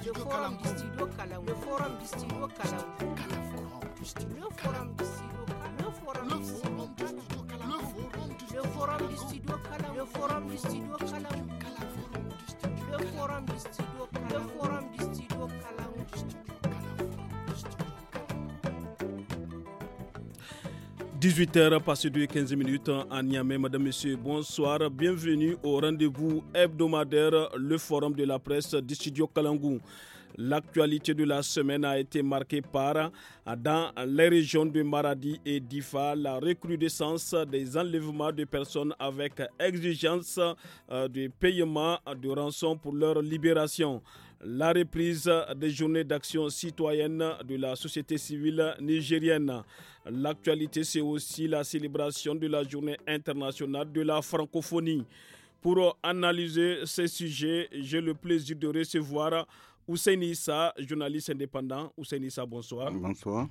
studio kalangu studio kalangu le forum du studio kalangu le forum du studio kalangu le forum du studio kalangu le forum du studio kalangu le forum du studio kalangu le forum du studio kalangu le forum du studio kalangu le forum 18h passé de 15 minutes à Niamey. Madame, Monsieur, bonsoir. Bienvenue au rendez-vous hebdomadaire, le forum de la presse du studio Kalangou. L'actualité de la semaine a été marquée par, dans les régions de Maradi et d'Ifa, la recrudescence des enlèvements de personnes avec exigence euh, de paiement de rançon pour leur libération la reprise des journées d'action citoyenne de la société civile nigérienne. L'actualité, c'est aussi la célébration de la journée internationale de la francophonie. Pour analyser ces sujets, j'ai le plaisir de recevoir Hussein Issa, journaliste indépendant. Hussein Issa, bonsoir. Bonsoir.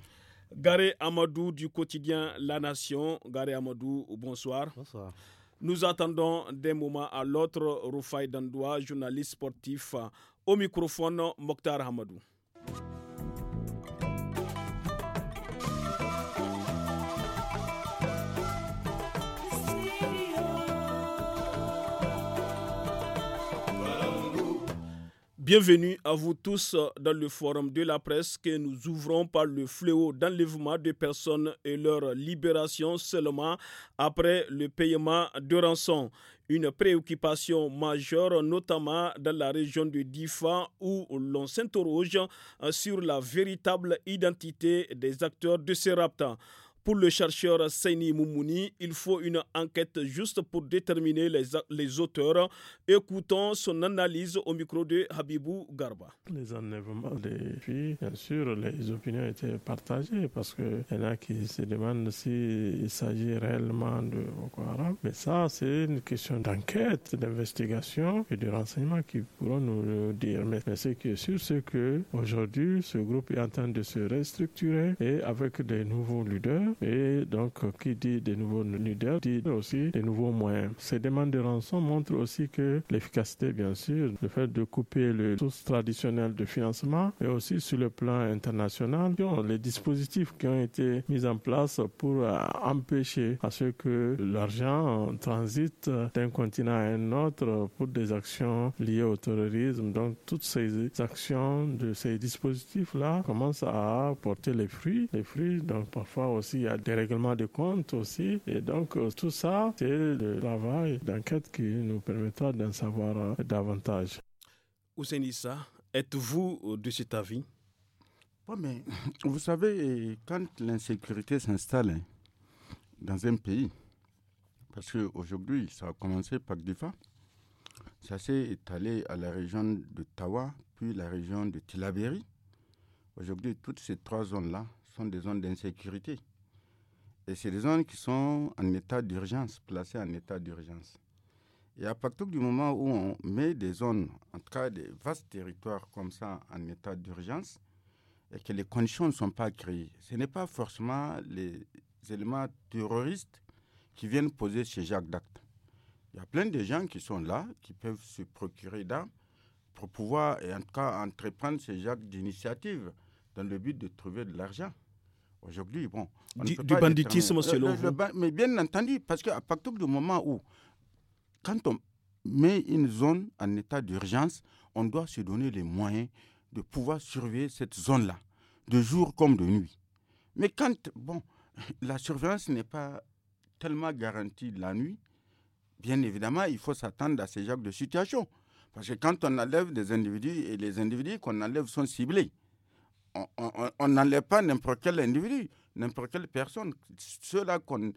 Garé Amadou du quotidien La Nation. Garé Amadou, bonsoir. Bonsoir. Nous attendons d'un moment à l'autre Rufai Dandoua, journaliste sportif. Au microphone, Mokhtar Hamadou. see you. Bienvenue à vous tous euh, dans le forum de la presse que nous ouvrons par le fléau d'enlèvement de personnes et leur libération seulement après le paiement de rançon une préoccupation majeure, notamment dans la région de Difa, où l'on s'interroge euh, sur la véritable identité des acteurs de ces raptes. Pour le chercheur Saini Moumouni, il faut une enquête juste pour déterminer les, les auteurs. Écoutons son analyse au micro de Habibou Garba. Les enlèvements des filles, bien sûr, les opinions étaient partagées parce qu'il y en a qui se demandent s'il s'agit réellement de Boko Haram. Mais ça, c'est une question d'enquête, d'investigation et de renseignement qui pourront nous le dire. Mais, mais ce qui est sûr, c'est qu'aujourd'hui, ce groupe est en train de se restructurer et avec des nouveaux leaders Mm-hmm. Et donc, qui dit des nouveaux leaders dit aussi des nouveaux moyens. Ces demandes de rançon montrent aussi que l'efficacité, bien sûr, le fait de couper les sources traditionnelles de financement et aussi sur le plan international, les dispositifs qui ont été mis en place pour euh, empêcher à ce que l'argent transite d'un continent à un autre pour des actions liées au terrorisme. Donc, toutes ces actions de ces dispositifs-là commencent à porter les fruits. Les fruits, donc parfois aussi il y a des règlements de comptes aussi. Et donc, euh, tout ça, c'est le travail d'enquête qui nous permettra d'en savoir euh, davantage. Ousenissa, êtes-vous euh, de cet avis Oui, mais, Vous savez, quand l'insécurité s'installe hein, dans un pays, parce qu'aujourd'hui, ça a commencé par Difa, ça s'est étalé à la région de Tawa, puis la région de Tilaberi. Aujourd'hui, toutes ces trois zones-là sont des zones d'insécurité. Et c'est des zones qui sont en état d'urgence, placées en état d'urgence. Et à partir du moment où on met des zones, en tout cas des vastes territoires comme ça, en état d'urgence, et que les conditions ne sont pas créées, ce n'est pas forcément les éléments terroristes qui viennent poser ces jacques d'actes. Il y a plein de gens qui sont là, qui peuvent se procurer d'armes pour pouvoir, et en tout cas, entreprendre ces jacques d'initiative dans le but de trouver de l'argent. Aujourd'hui, bon. Du, banditisme, selon vous. mais bien entendu, parce qu'à partir du moment où, quand on met une zone en état d'urgence, on doit se donner les moyens de pouvoir surveiller cette zone-là, de jour comme de nuit. Mais quand, bon, la surveillance n'est pas tellement garantie la nuit, bien évidemment, il faut s'attendre à ces genres de situation. Parce que quand on enlève des individus, et les individus qu'on enlève sont ciblés on n'enlève pas n'importe quel individu, n'importe quelle personne. Ceux-là qu'on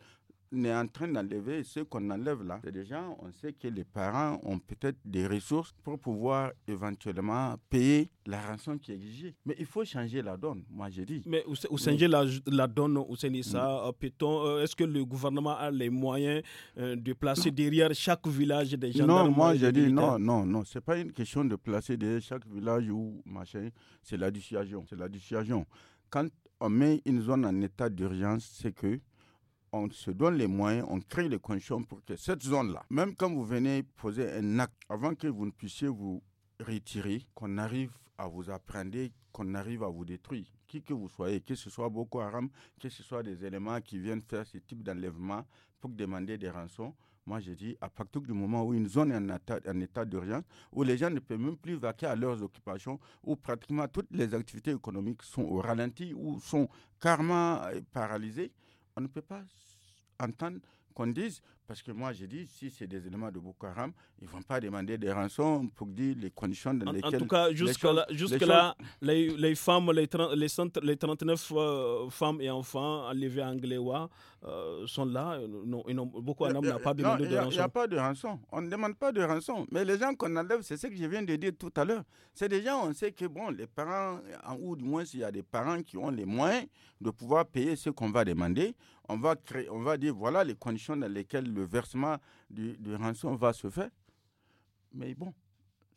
on est en train d'enlever ce qu'on enlève là. C'est on sait que les parents ont peut-être des ressources pour pouvoir éventuellement payer la rançon qui est exigée. Mais il faut changer la donne, moi j'ai dit. Mais où, où la, donne, au peut-on euh, est-ce que le gouvernement a les moyens euh, de placer derrière chaque village des gendarmes Non, moi euh, j'ai dit non, non, non. Ce n'est pas une question de placer derrière chaque village ou machin. C'est la dissuasion. C'est la dissuasion. Quand on met une zone en état d'urgence, c'est que on se donne les moyens, on crée les conditions pour que cette zone-là, même quand vous venez poser un acte, avant que vous ne puissiez vous retirer, qu'on arrive à vous apprendre, qu'on arrive à vous détruire, qui que vous soyez, que ce soit Boko Haram, que ce soit des éléments qui viennent faire ce type d'enlèvement pour demander des rançons. Moi, je dis, à partir du moment où une zone est en, état, d'urgence, où les gens ne peuvent même plus vaquer à leurs occupations, où pratiquement toutes les activités économiques sont au ralenti ou sont carrément euh, paralysées, on ne peut pas entendre qu'on dise parce que moi, j'ai dit, si c'est des éléments de Boko Haram, ils ne vont pas demander des rançons pour dire les conditions dans lesquelles. En tout cas, jusque-là, les, les, femmes, les, les, 39 euh, femmes et enfants enlevés en euh, sont là. Boko Haram beaucoup euh, pas demandé de ransom. Il n'y a pas de rançon. On ne demande pas de rançon. Mais les gens qu'on enlève, c'est ce que je viens de dire tout à l'heure. C'est des gens, on sait que, bon, les parents, ou du moins, s'il y a des parents qui ont les moyens de pouvoir payer ce qu'on va demander, on va, créer, on va dire, voilà les conditions dans lesquelles le versement du, rançon va se faire. Mais bon,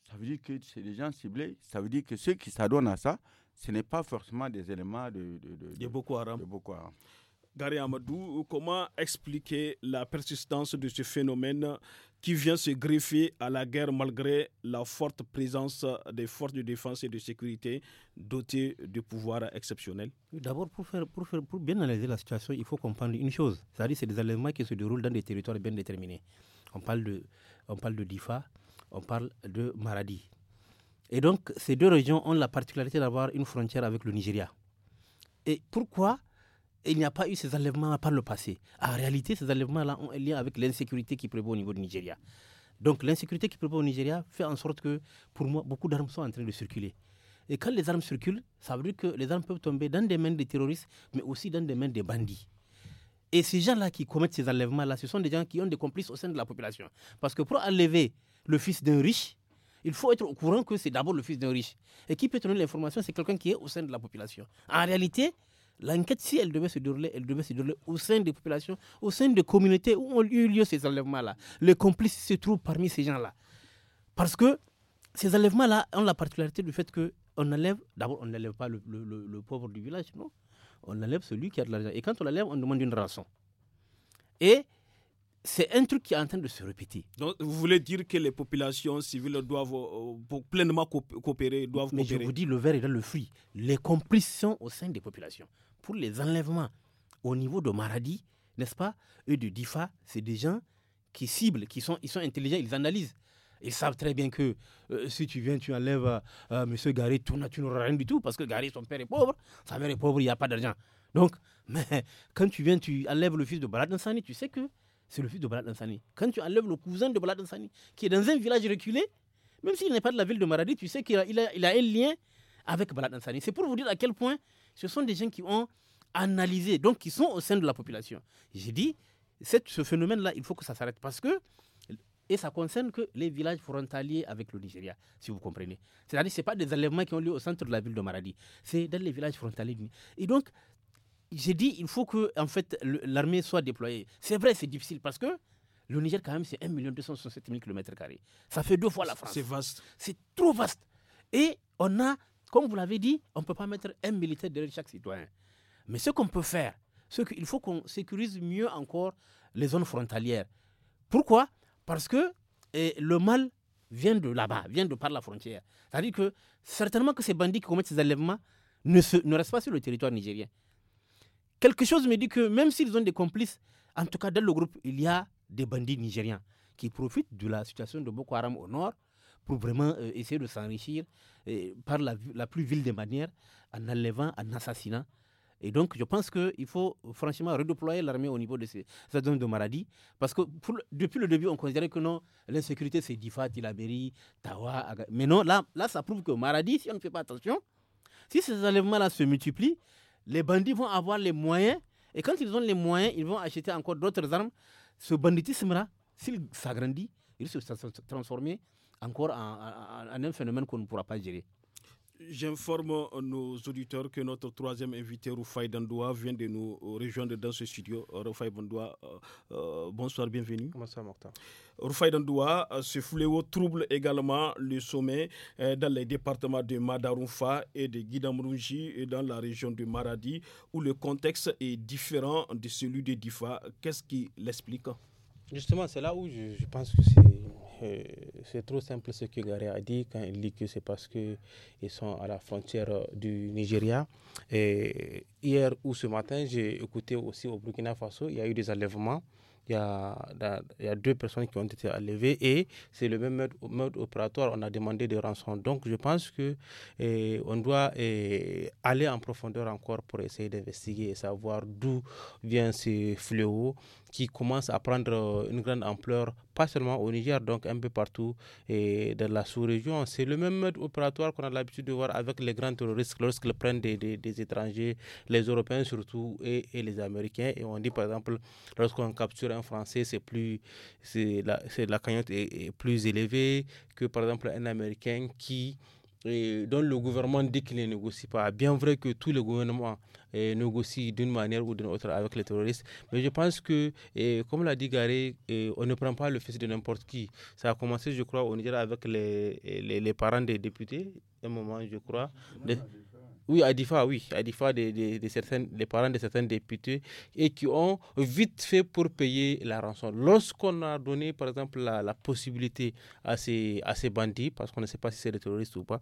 ça veut dire que c'est des gens ciblés, ça veut dire que ceux qui s'adonnent à ça, ce n'est pas forcément des éléments de, beaucoup de, Boko Haram. Gary Amadou, comment expliquer la persistance de ce phénomène qui vient se greffer à la guerre malgré la forte présence des forces de défense et de sécurité dotées de pouvoirs exceptionnels D'abord, pour, faire, pour, pour bien analyser la situation, il faut comprendre une chose. C'est-à-dire c'est des allèvements qui se déroulent dans des territoires bien déterminés. On parle de, on parle de Difa, on parle de Maradi. Et donc, ces deux régions ont la particularité d'avoir une frontière avec le Nigeria. Et pourquoi il n'y a pas eu ces enlèvements par le passé. En réalité, ces enlèvements-là ont un lien avec l'insécurité qui prévaut au niveau du Nigeria. Donc l'insécurité qui prévaut au Nigeria fait en sorte que, pour moi, beaucoup d'armes sont en train de circuler. Et quand les armes circulent, ça veut dire que les armes peuvent tomber dans des mains des terroristes, mais aussi dans des mains des bandits. Et ces gens-là qui commettent ces enlèvements-là, ce sont des gens qui ont des complices au sein de la population. Parce que pour enlever le fils d'un riche, il faut être au courant que c'est d'abord le fils d'un riche. Et qui peut donner l'information, c'est quelqu'un qui est au sein de la population. En réalité, L'enquête, si elle devait se dérouler, elle devait se dérouler au sein des populations, au sein des communautés où ont eu lieu ces enlèvements-là. Les complices se trouvent parmi ces gens-là. Parce que ces enlèvements-là ont la particularité du fait qu'on enlève, d'abord, on n'enlève pas le, pauvre du village, non. On enlève celui qui a de l'argent. Et quand on enlève, on demande une rançon. Et c'est un truc qui est en train de se répéter. Donc, vous voulez dire que les populations civiles doivent euh, pleinement coopérer, doivent Mais je vous dis, le verre est dans le fruit. Les complices sont au sein des populations. Pour les enlèvements au niveau de Maradi, n'est-ce pas, eux de Difa, c'est des gens qui ciblent, qui sont, ils sont intelligents, ils analysent. Ils savent très bien que euh, si tu viens, tu enlèves euh, M. Monsieur Garé, tu, n'auras rien du tout parce que Garé, son père est pauvre, sa mère est pauvre, il n'y a pas d'argent. Donc, mais quand tu viens, tu enlèves le fils de Baladan Sani, tu sais que c'est le fils de Balad Quand tu enlèves le cousin de Balad qui est dans un village reculé, même s'il n'est pas de la ville de Maradi, tu sais qu'il a, il a, un lien avec Balad C'est pour vous dire à quel point ce sont des gens qui ont analysé, donc qui sont au sein de la population. J'ai dit, ce phénomène-là, il faut que ça s'arrête parce que et ça concerne que les villages frontaliers avec le Nigeria, si vous comprenez. C'est-à-dire que ce pas des enlèvements qui ont lieu au centre de la ville de Maradi, c'est dans les villages frontaliers. Et donc, j'ai dit il faut que en fait l'armée soit déployée. C'est vrai, c'est difficile parce que le Niger quand même c'est 1 267 000 km2. Ça fait deux fois la France. C'est vaste. C'est trop vaste. Et on a, comme vous l'avez dit, on ne peut pas mettre un militaire derrière chaque citoyen. Mais ce qu'on peut faire, c'est qu'il faut qu'on sécurise mieux encore les zones frontalières. Pourquoi Parce que et eh, le mal vient de là-bas, vient de par la frontière. C'est-à-dire que certainement que ces bandits qui commettent ces enlèvements ne, ne restent pas sur le territoire nigérien. Quelque chose me dit que même s'ils ont des complices, en tout cas dans le groupe, il y a des bandits nigériens qui profitent de la situation de Boko Haram au nord pour vraiment euh, essayer de s'enrichir euh, par la, plus vile des manières, en enlevant, en assassinant. Et donc, je pense qu'il faut franchement redéployer l'armée au niveau de ces, cette zone de Maradi. Parce que depuis le début, on considérait que non, l'insécurité, c'est Difa, Tilaberi, Tawa. Mais non, là, là, ça prouve que Maradi, si on ne fait pas attention, si ces enlèvements-là se multiplient, les bandits vont avoir les moyens, et quand ils ont les moyens, ils vont acheter encore d'autres armes. Ce banditisme-là, s'il s'agrandit, il se transformer encore en un phénomène qu'on ne pourra pas gérer. J'informe nos auditeurs que notre troisième invité, Rufai Dandoua, vient de nous rejoindre dans ce studio. Euh, Roufaï Dandoua, euh, euh, bonsoir, bienvenue. Bonsoir, Martin. Dandoua, ce fléau trouble également le sommet dans les départements de Madaroufa et de Guidamrouji et dans la région de Maradi, où le contexte est différent de celui de Difa. Qu'est-ce qui l'explique Justement, c'est là où je pense que c'est euh, c'est trop simple ce que Gary a dit quand il dit que c'est parce qu'ils sont à la frontière euh, du Nigeria. Et hier ou ce matin, j'ai écouté aussi au Burkina Faso, il y a eu des enlèvements. Il y, a, il y a deux personnes qui ont été enlevées et c'est le même mode, opératoire. On a demandé des rançons. Donc, je pense que eh, on doit eh, aller en profondeur encore pour essayer d'investiguer et savoir d'où vient ce fléau qui commence à prendre euh, une grande ampleur, pas seulement au Niger, donc un peu partout et dans la sous-région. C'est le même mode opératoire qu'on a l'habitude de voir avec les grands terroristes lorsqu'ils prennent des, des, étrangers, les Européens surtout et, les Américains. Et on dit par exemple, lorsqu'on capture un Français, c'est plus c'est la, la cagnotte est, plus élevée que par exemple un Américain qui dont le gouvernement dit qu'il ne négocie pas. Bien vrai que tous les gouvernements négocie eh, négocient d'une manière ou d'une autre avec les terroristes, mais je pense que, eh, comme l'a dit Garé, eh, on ne prend pas le fils de n'importe qui. Ça a commencé, je crois, au Niger avec les, les, parents des députés, un moment, je crois oui, à oui, à des, certaines, parents de certains députés et qui ont vite fait pour payer la rançon. Lorsqu'on a donné, par exemple, la, possibilité à ces, bandits, parce qu'on ne sait pas si c'est des terroristes ou pas,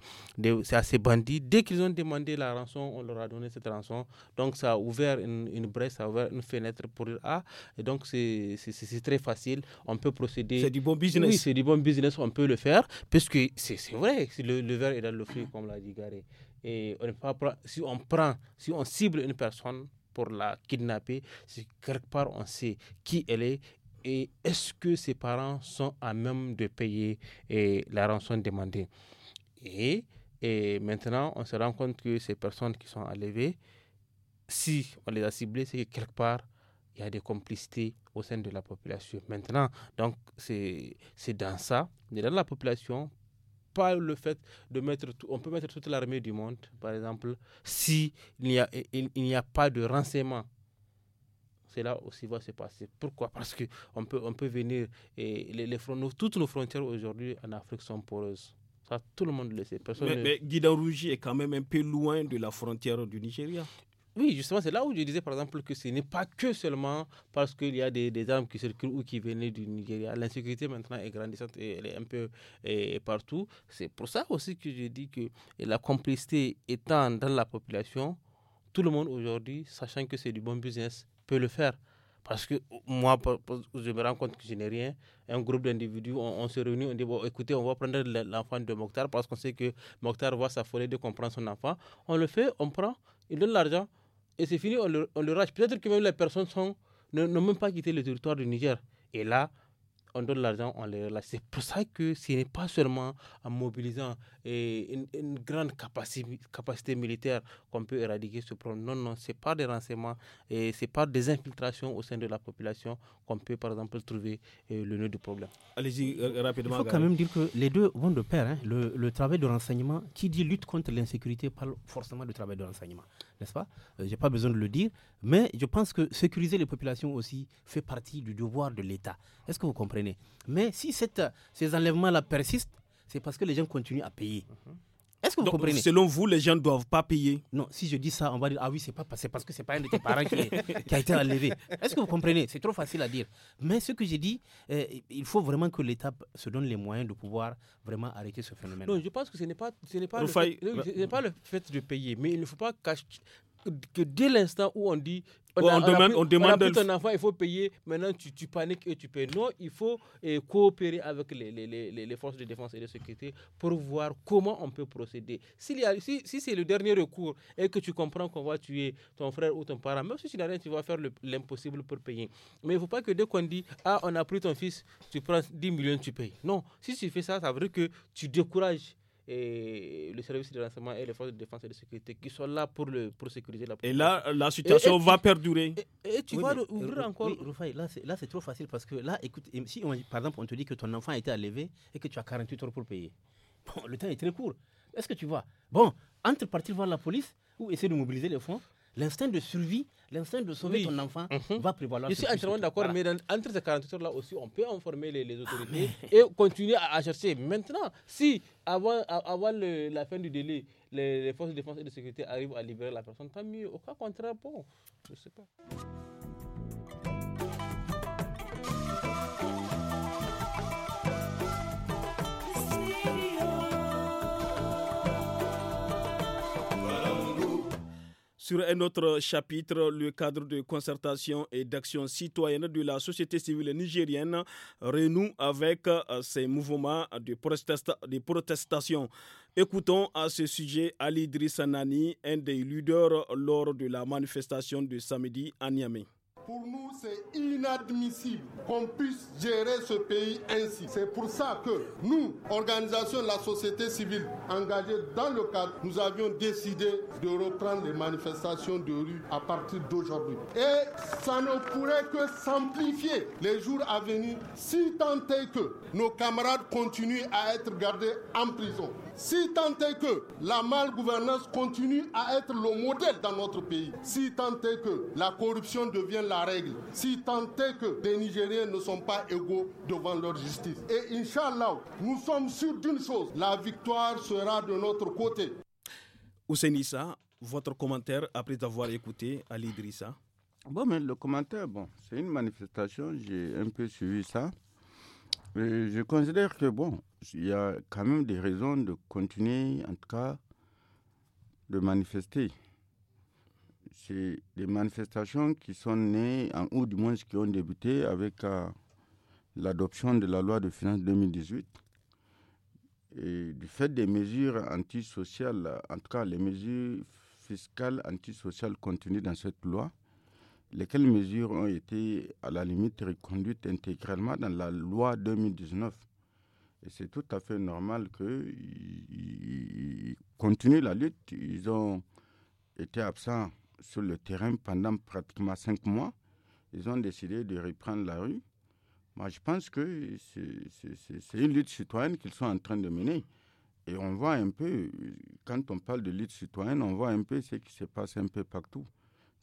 c'est à ces bandits, dès qu'ils ont demandé la rançon, on leur a donné cette rançon. Donc, ça a ouvert une, une brèche, ça a ouvert une fenêtre pour dire Ah, et donc c'est très facile, on peut procéder. C'est du bon business. Oui, c'est du bon business, on peut le faire, puisque c'est vrai, le, le verre est dans le fruit, comme l'a dit Garé. Et on pas, si on prend, si on cible une personne pour la kidnapper, quelque part on sait qui elle est et est-ce que ses parents sont à même de payer et la rançon demandée. Et, et, maintenant, on se rend compte que ces personnes qui sont enlevées, si on les a ciblées, c'est que quelque part, il y a des complicités au sein de la population. Maintenant, donc, c'est dans ça, dans la population, pas le fait de mettre, on peut mettre toute l'armée du monde, par exemple, si il n'y a, il, n'y a pas de renseignement. c'est là aussi va se passer. Pourquoi Parce que on peut, on peut venir et les, les toutes nos frontières aujourd'hui en Afrique sont poreuses. Ça, tout le monde le sait. mais, mais Guida Rougi est quand même un peu loin de la frontière du Nigeria. Oui, justement, c'est là où je disais par exemple que ce n'est pas que seulement parce qu'il y a des, des, armes qui circulent ou qui venaient du Nigeria. L'insécurité maintenant est grandissante et elle est un peu et, partout. C'est pour ça aussi que je dis que la complicité étant dans la population, tout le monde aujourd'hui, sachant que c'est du bon business, peut le faire. Parce que moi, je me rends compte que je n'ai rien. Un groupe d'individus, on, se réunit, on dit bon, écoutez, on va prendre l'enfant de Mokhtar parce qu'on sait que Mokhtar sa folie de comprendre son enfant. On le fait, on prend, il donne l'argent et c'est fini, on le, rage. Peut-être que même les personnes sont, n'ont même pas quitté le territoire du Niger. Et là, on donne l'argent, on les relâche. C'est pour ça que ce n'est pas seulement en mobilisant une, grande capacité, militaire qu'on peut éradiquer ce problème. Non, non, ce n'est pas des renseignements et ce n'est pas des infiltrations au sein de la population qu'on peut, par exemple, trouver euh, le nœud du problème. Allez-y euh, rapidement. Il faut quand même dire que les deux vont de pair. Hein. Le, le travail de renseignement, qui dit lutte contre l'insécurité, parle forcément du travail de renseignement n'est-ce pas euh, Je n'ai pas besoin de le dire. Mais je pense que sécuriser les populations aussi fait partie du devoir de l'État. Est-ce que vous comprenez Mais si ces enlèvements-là persistent, c'est parce que les gens continuent à payer. Mhm. Est-ce que vous comprenez Selon vous, les gens ne doivent pas payer. Non, si je dis ça, on va dire Ah oui, c'est pas parce que c'est pas un de tes parents qui, a été enlevé. Est-ce que vous comprenez C'est trop facile à dire. Mais ce que j'ai dit, euh, il faut vraiment que l'État se donne les moyens de pouvoir vraiment arrêter ce phénomène. Non, je pense que ce n'est pas, n'est pas, fait, pas le fait de payer, mais il ne faut pas cacher que dès l'instant où on dit on, a, pris ton enfant, il faut payer. Maintenant, tu, tu, paniques et tu payes. Non, il faut eh, coopérer avec les, forces de défense et de sécurité pour voir comment on peut procéder. Y a, si, si c'est le dernier recours et que tu comprends qu'on va tuer ton frère ou ton parent, même si tu n'as rien, tu vas faire l'impossible pour payer. Mais il ne faut pas que dès qu'on dit Ah, on a pris ton fils, tu prends 10 millions, tu payes. Non, si tu fais ça, ça veut dire que tu décourages et le service de renseignement et les forces de défense et de sécurité qui sont là pour, le, pour sécuriser la population. Et là, la situation va perdurer. Et, tu vas ouvrir euh, encore. Oui, là, c'est trop facile parce que là, écoute, si par exemple on te dit que ton enfant a été élevé et que tu as 48 heures pour payer, bon, le temps est très court. Est-ce que tu vois Bon, entre partir voir la police ou essayer de mobiliser les fonds l'instinct de survie, l'instinct de sauver son ton enfant mhm. va prévaloir. Je suis entièrement d'accord, mais entre ces 48 heures-là aussi, on peut informer les, autorités ah, et continuer à, chercher. Maintenant, si avant, avoir la fin du délai, les, les forces de défense et de sécurité arrivent à libérer la personne, tant mieux. Au cas contraire, bon, je ne sais pas. Sur un autre chapitre, le cadre de concertation et d'action citoyenne de la société civile nigérienne renoue avec ses euh, mouvements de, de protestation. Écoutons à ce sujet Ali Drissanani, un des leaders lors de la manifestation de samedi à Niamey. Pour nous, c'est inadmissible qu'on puisse gérer ce pays ainsi. C'est pour ça que nous, organisation de la société civile engagée dans le cadre, nous avions décidé de reprendre les manifestations de rue à partir d'aujourd'hui. Et ça ne pourrait que s'amplifier les jours à venir si tant est que nos camarades continuent à être gardés en prison. Si tant est que la malgouvernance continue à être le modèle dans notre pays, si tant est que la corruption devient la règle, si tant est que les Nigériens ne sont pas égaux devant leur justice. Et Inch'Allah, nous sommes sûrs d'une chose, la victoire sera de notre côté. Ousenissa, votre commentaire après avoir écouté Ali Drissa Bon, mais le commentaire, bon, c'est une manifestation, j'ai un peu suivi ça je considère que, bon, il y a quand même des raisons de continuer, en tout cas, de manifester. C'est des manifestations qui sont nées, en, ou du moins qui ont débuté avec euh, l'adoption de la loi de finances 2018. Et du fait des mesures antisociales, en tout cas les mesures fiscales antisociales contenues dans cette loi, lesquelles mesures ont été à la limite reconduites intégralement dans la loi 2019. Et c'est tout à fait normal qu'ils continuent la lutte. Ils ont été absents sur le terrain pendant pratiquement cinq mois. Ils ont décidé de reprendre la rue. Moi, je pense que c'est une lutte citoyenne qu'ils sont en train de mener. Et on voit un peu, quand on parle de lutte citoyenne, on voit un peu ce qui se passe un peu partout.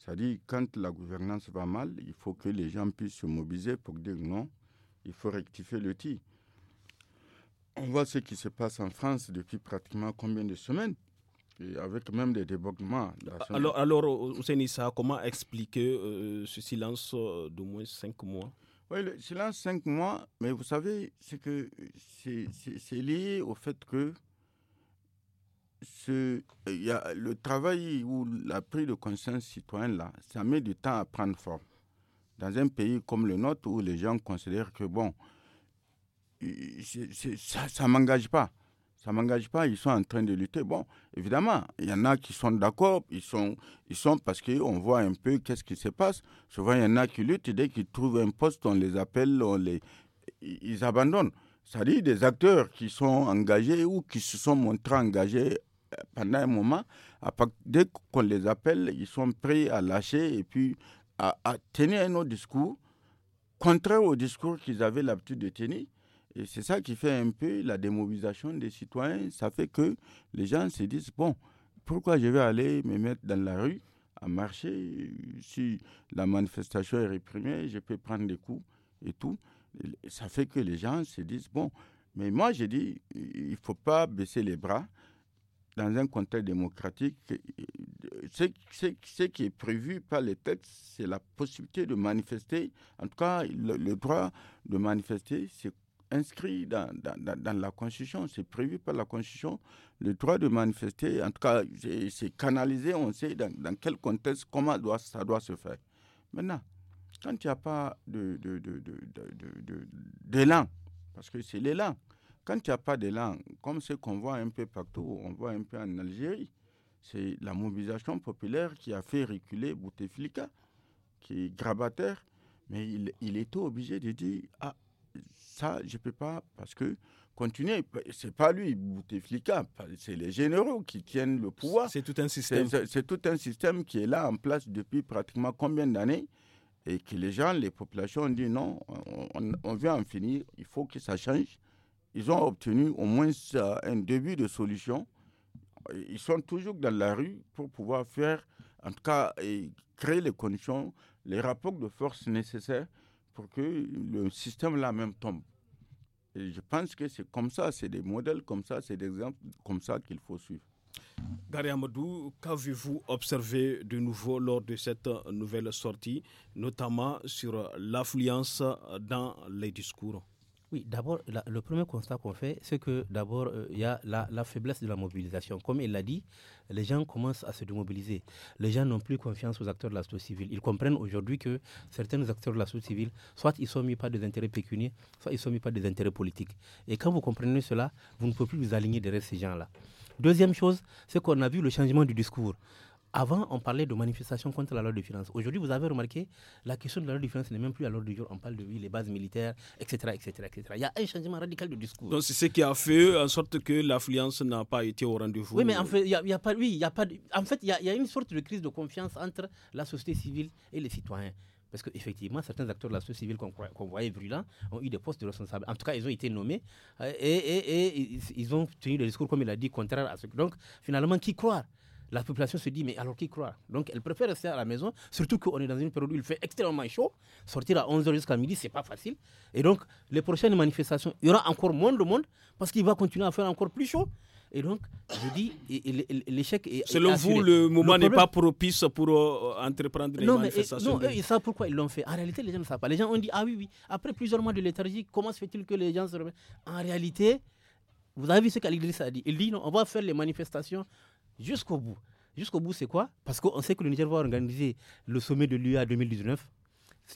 C'est-à-dire, quand la gouvernance va mal, il faut que les gens puissent se mobiliser pour dire non, il faut rectifier le tir. On voit ce qui se passe en France depuis pratiquement combien de semaines et avec même des débordements. Alors, alors Nissa, comment expliquer euh, ce silence euh, d'au moins cinq mois Oui, le silence cinq mois, mais vous savez, c'est que c'est lié au fait que ce, euh, y a le travail ou la prise de conscience citoyenne, là, ça met du temps à prendre forme. Dans un pays comme le nôtre, où les gens considèrent que, bon, ça ne m'engage pas. Ça m'engage pas, ils sont en train de lutter. Bon, évidemment, il y en a qui sont d'accord, ils sont, ils sont parce qu'on voit un peu qu'est-ce qui se passe. Souvent, il y en a qui luttent, dès qu'ils trouvent un poste, on les appelle, on les, ils abandonnent ça dit des acteurs qui sont engagés ou qui se sont montrés engagés pendant un moment, dès qu'on les appelle, ils sont prêts à lâcher et puis à, tenir un autre discours, contraire au discours qu'ils avaient l'habitude de tenir. Et c'est ça qui fait un peu la démobilisation des citoyens. Ça fait que les gens se disent, bon, pourquoi je vais aller me mettre dans la rue à marcher Si la manifestation est réprimée, je peux prendre des coups et tout. ça fait que les gens se disent, bon, mais moi j'ai dit, il ne faut pas baisser les bras dans un contexte démocratique, euh, ce qui est prévu par les textes, c'est la possibilité de manifester. En tout cas, le, droit de manifester, c'est inscrit dans, la Constitution, c'est prévu par la Constitution, le droit de manifester. En tout cas, c'est canalisé, on sait dans, quel contexte, comment ça doit se faire. Maintenant, quand il n'y a pas d'élan, de, de, parce que c'est l'élan, quand il n'y a pas de langue, comme ce qu'on voit un peu partout, on voit un peu en Algérie, c'est la mobilisation populaire qui a fait reculer Bouteflika, qui est grabataire, mais il, il était obligé de dire Ah, ça, je ne peux pas, parce que continuer, c'est pas lui, Bouteflika, c'est les généraux qui tiennent le pouvoir. C'est tout un système. C'est tout un système qui est là en place depuis pratiquement combien d'années et que les gens, les populations ont dit non, on, vient en finir, il faut que ça change ils ont obtenu au moins un début de solution. Ils sont toujours dans la rue pour pouvoir faire, en tout cas, créer les conditions, les rapports de force nécessaires pour que le système là-même tombe. je pense que c'est comme ça, c'est des modèles comme ça, c'est des exemples comme ça qu'il faut suivre. Gary Amadou, qu'avez-vous observé de nouveau lors de cette nouvelle sortie, notamment sur l'affluence dans les discours oui, d'abord, le premier constat qu'on fait, c'est que d'abord, euh, il y a la, faiblesse de la mobilisation. Comme il l'a dit, les gens commencent à se démobiliser. Les gens n'ont plus confiance aux acteurs de la société civile. Ils comprennent aujourd'hui que certains acteurs de la société civile, soit ils sont mis par des intérêts pécuniaires, soit ils sont mis par des intérêts politiques. Et quand vous comprenez cela, vous ne pouvez plus vous aligner derrière ces gens-là. Deuxième chose, c'est qu'on a vu le changement du discours. Avant, on parlait de manifestations contre la loi de finances. Aujourd'hui, vous avez remarqué, la question de la loi de finances n'est même plus à l'ordre du jour. On parle de oui, les bases militaires, etc., etc., etc. Il y a un changement radical de discours. Donc, c'est ce qui a fait en sorte que l'affluence n'a pas été au rendez-vous. Oui, mais en fait, il y a, pas, oui, y a pas, en fait, il y a, une sorte de crise de confiance entre la société civile et les citoyens. Parce qu'effectivement, certains acteurs de la société civile qu'on voyait brûlants ont eu des postes de responsables. En tout cas, ils ont été nommés euh, et, ils ont tenu des discours, comme il a dit, contraire à ce que. Donc, finalement, qui croire la population se dit, mais alors qui croit Donc elle préfère rester à la maison, surtout qu'on est dans une période où il fait extrêmement chaud. Sortir à 11h jusqu'à midi, c'est pas facile. Et donc, les prochaines manifestations, il y aura encore moins de monde parce qu'il va continuer à faire encore plus chaud. Et donc, je dis, l'échec est. Selon vous, le moment n'est pas propice pour euh, euh, entreprendre les manifestations. non, ils savent pourquoi ils l'ont fait. En réalité, les gens ne savent pas. Les gens ont dit, ah oui, oui, après plusieurs mois de léthargie, comment se fait-il que les gens se remettent En réalité, vous avez vu ce qu'Alidris a dit. Il dit, non, on va faire les manifestations jusqu'au bout. Jusqu'au bout, c'est quoi Parce qu'on sait que le Niger va organiser le sommet de l'UA 2019.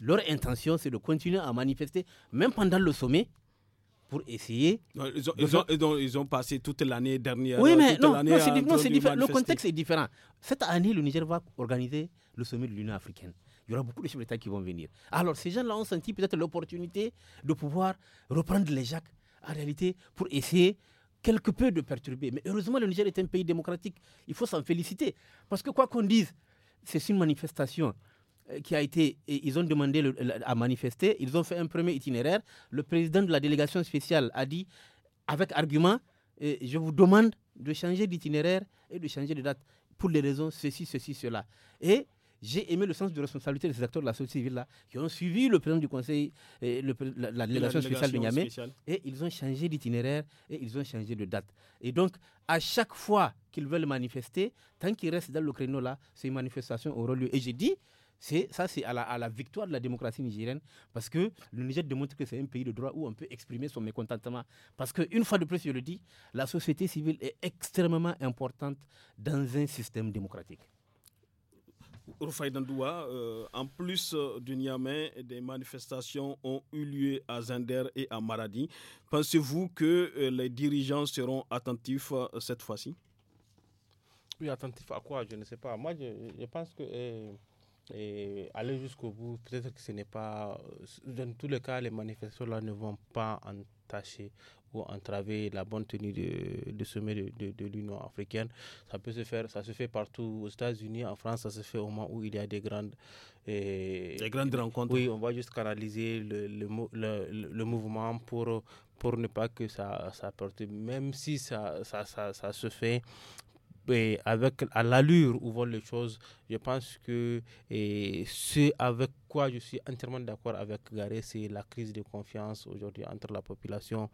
Leur intention, c'est de continuer à manifester, même pendant le sommet, pour essayer. ils, ont, ils, ont, ils, ont, passé toute l'année dernière. Oui, mais non, c'est différent. Le contexte est différent. Cette année, le Niger va organiser le sommet de l'Union africaine. Il y aura beaucoup de chefs d'État qui vont venir. Alors, ces gens-là ont senti peut-être l'opportunité de pouvoir reprendre les jacques, en réalité, pour essayer quelque peu de perturbé. Mais heureusement, le Niger est un pays démocratique. Il faut s'en féliciter. Parce que quoi qu'on dise, c'est une manifestation euh, qui a été, ils ont demandé à manifester, ils ont fait un premier itinéraire. Le président de la délégation spéciale a dit, avec argument, euh, je vous demande de changer d'itinéraire et de changer de date pour les raisons ceci, ceci, cela. Et j'ai aimé le sens de responsabilité de acteurs de la société civile-là qui ont suivi le président du conseil, euh, et la, délégation spéciale de Niamey, et ils ont changé d'itinéraire et ils ont changé de date. Et donc, à chaque fois qu'ils veulent manifester, tant qu'ils restent dans le créneau-là, ces manifestations auront lieu. Et j'ai dit, ça c'est à la, à la, victoire de la démocratie nigérienne parce que le Niger démontre que c'est un pays de droit où on peut exprimer son mécontentement parce qu'une fois de plus je le dis la société civile est extrêmement importante dans un système démocratique Roufaï Dandoua, euh, en plus euh, du Niamey, des manifestations ont eu lieu à Zender et à Maradi. Pensez-vous que euh, les dirigeants seront attentifs cette fois-ci Oui, attentifs à quoi Je ne sais pas. Moi, je, pense que. aller jusqu'au bout, peut-être que ce n'est pas. Dans tous les cas, les manifestations là ne vont pas entacher entraver la bonne tenue de, de sommet de, de, l'Union africaine. Ça peut se faire, ça se fait partout aux États-Unis, en France, ça se fait au moment où il y a des grandes, eh, des grandes rencontres. Oui, on va juste canaliser le, le, le, le mouvement pour pour ne pas que ça, ça porte, même si ça, ça, ça, ça se fait ben, avec à l'allure où vont les choses, je pense que ce avec quoi je suis entièrement d'accord avec Garé, c'est la crise de confiance aujourd'hui entre la population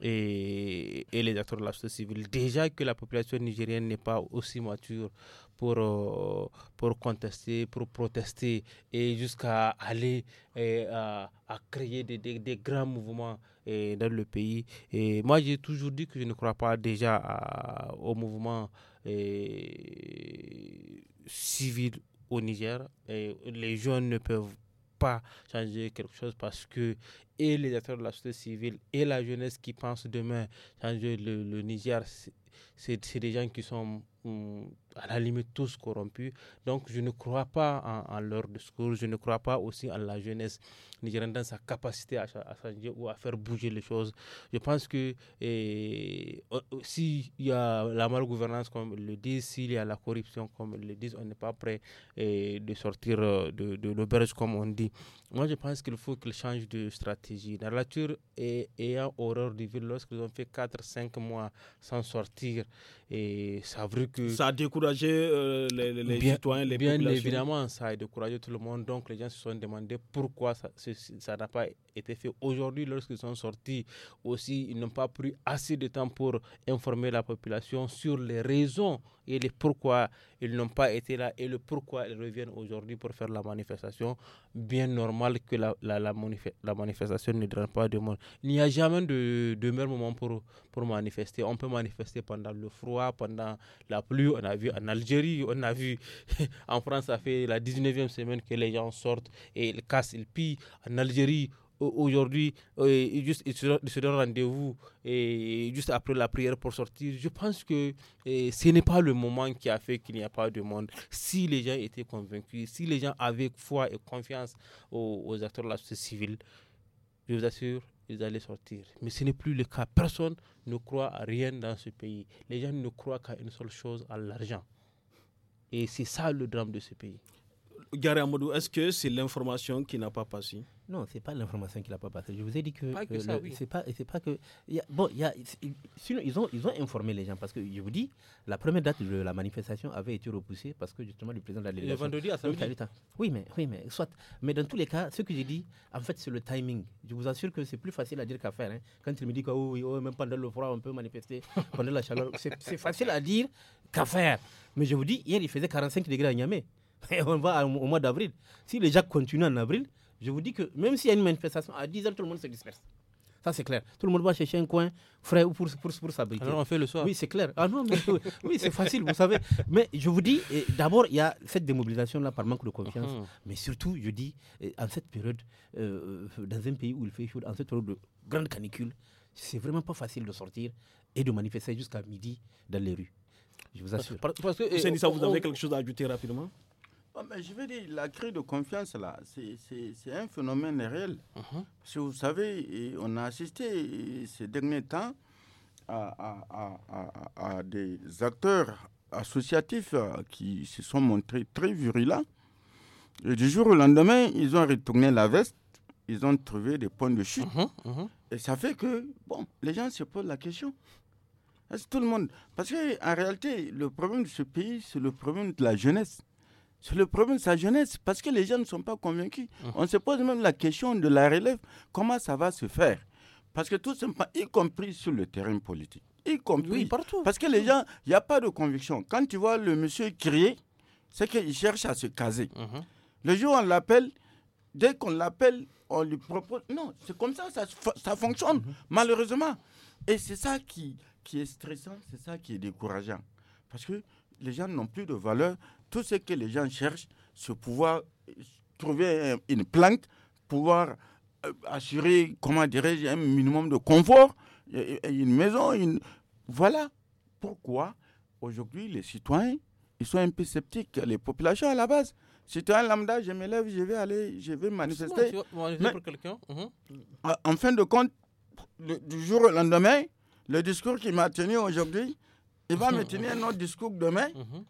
et, et, les acteurs de la société civile. Déjà que la population nigérienne n'est pas aussi mature pour, euh, pour contester, pour protester et jusqu'à aller à, à, créer des, des, grands mouvements dans le pays. Et moi, j'ai toujours dit que je ne crois pas déjà au mouvement civile au Niger. Et les jeunes ne peuvent pas changer quelque chose parce que et les acteurs de la société civile et la jeunesse qui pensent demain changer le, Niger, c'est des gens qui sont... Hum, à la limite tous corrompus. Donc je ne crois pas en, leur discours, je ne crois pas aussi en la jeunesse nigérienne dans sa capacité à, changer ou à faire bouger les choses. Je pense que euh, s'il y a la malgouvernance comme ils le disent, s'il y a la corruption comme ils le disent, on n'est pas prêt de sortir euh, de, l'auberge comme on dit. Moi je pense qu'il faut qu'ils changent de stratégie. La nature est, ayant horreur du ville, lorsqu'ils ont fait 4-5 mois sans sortir, et vrai que. Ça a découragé euh, les, citoyens, les Bien évidemment, ça a découragé tout le monde. Donc, les gens se sont demandé pourquoi ça n'a pas été fait. Aujourd'hui, lorsqu'ils sont sortis aussi, ils n'ont pas pris assez de temps pour informer la population sur les raisons et les pourquoi ils n'ont pas été là et le pourquoi ils reviennent aujourd'hui pour faire la manifestation. Bien normal que la, la, la, manifestation ne draine pas de monde. Il n'y a jamais de, de meilleur moment pour, pour manifester. On peut manifester pendant le froid, pendant la pluie. On a vu en Algérie, on a vu en France, ça fait la 19e semaine que les gens sortent et ils cassent, ils pillent. En Algérie, aujourd'hui, euh, juste, ils se donnent rendez-vous juste après la prière pour sortir. Je pense que ce n'est pas le moment qui a fait qu'il n'y a pas de monde. Si les gens étaient convaincus, si les gens avaient foi et confiance aux, aux acteurs de la société civile, je vous assure, ils allaient sortir. Mais ce n'est plus le cas. Personne ne croit à rien dans ce pays. Les gens ne croient qu'à une seule chose, à l'argent. Et c'est ça le drame de ce pays. Gary Amadou, est-ce que c'est l'information qui n'a pas passé Non, ce n'est pas l'information qui n'a pas passé. Je vous ai dit que. Pas que euh, C'est pas, que. bon, sinon, ils ont, ils ont informé les gens parce que, je vous dis, la première date de la manifestation avait été repoussée parce que, justement, le président de la délégation. Le vendredi à samedi. Oui, mais, oui, mais soit. Mais dans tous les cas, ce que j'ai dit, en fait, c'est le timing. Je vous assure que c'est plus facile à dire qu'à faire. Hein. Quand il me dit que, oh, oui, oh, même pendant le froid, on peut manifester, pendant la chaleur, c'est facile à dire qu'à faire. Mais je vous dis, hier, il faisait 45 degrés à Niamey. on va au mois d'avril. Si les gens continuent en avril, je vous dis que même s'il y a une manifestation, à 10h, tout le monde se disperse. Ça, c'est clair. Tout le monde va chercher un coin frais ou pour, pour, pour Alors, on fait le soir. Oui, c'est clair. Ah non, mais, oui, c'est facile, vous savez. Mais je vous dis, d'abord, il y a cette démobilisation-là par manque de confiance. Uh-huh. Mais surtout, je dis, en cette période, euh, dans un pays où il fait chaud, en cette période de grande canicule, c'est vraiment pas facile de sortir et de manifester jusqu'à midi dans les rues. Je vous assure. Parce que, vous avez quelque chose à ajouter rapidement ah, je veux dire, la crise de confiance, là, c'est un phénomène réel. Si uh-huh. vous savez, on a assisté ces derniers temps à, des acteurs associatifs euh, qui se sont montrés très virulents. Et du jour au lendemain, ils ont retourné la veste, ils ont trouvé des points de chute. Uh-huh, uh-huh. Et ça fait que, bon, les gens se posent la question. Est-ce tout le monde Parce qu'en réalité, le problème de ce pays, c'est le problème de la jeunesse. C'est le problème, sa jeunesse, parce que les gens ne sont pas convaincus. Hum. On se pose même la question de la relève, comment ça va se faire Parce que tout simplement, y compris sur le terrain politique, y compris partout. Parce que les gens, il n'y a pas de conviction. Quand tu vois le monsieur crier, c'est qu'il cherche à se caser. Hum, hum. Le jour où on l'appelle, dès qu'on l'appelle, on lui propose. Non, c'est comme ça, ça, ça fonctionne, malheureusement. Et c'est ça qui, qui est stressant, c'est ça qui est décourageant. Parce que les gens n'ont plus de valeur. Tout ce que les gens cherchent, c'est pouvoir euh, trouver une planque, pouvoir euh, assurer, comment dirais-je, un minimum de confort, une maison. Une... Voilà pourquoi aujourd'hui les citoyens, ils sont un peu sceptiques, les populations à la base. Citoyen lambda, je me lève, je vais aller, je vais manifester. Uh-huh. En fin de compte, du jour au lendemain, le discours qui m'a tenu aujourd'hui, il va mhm. me tenir un discours demain, mhm.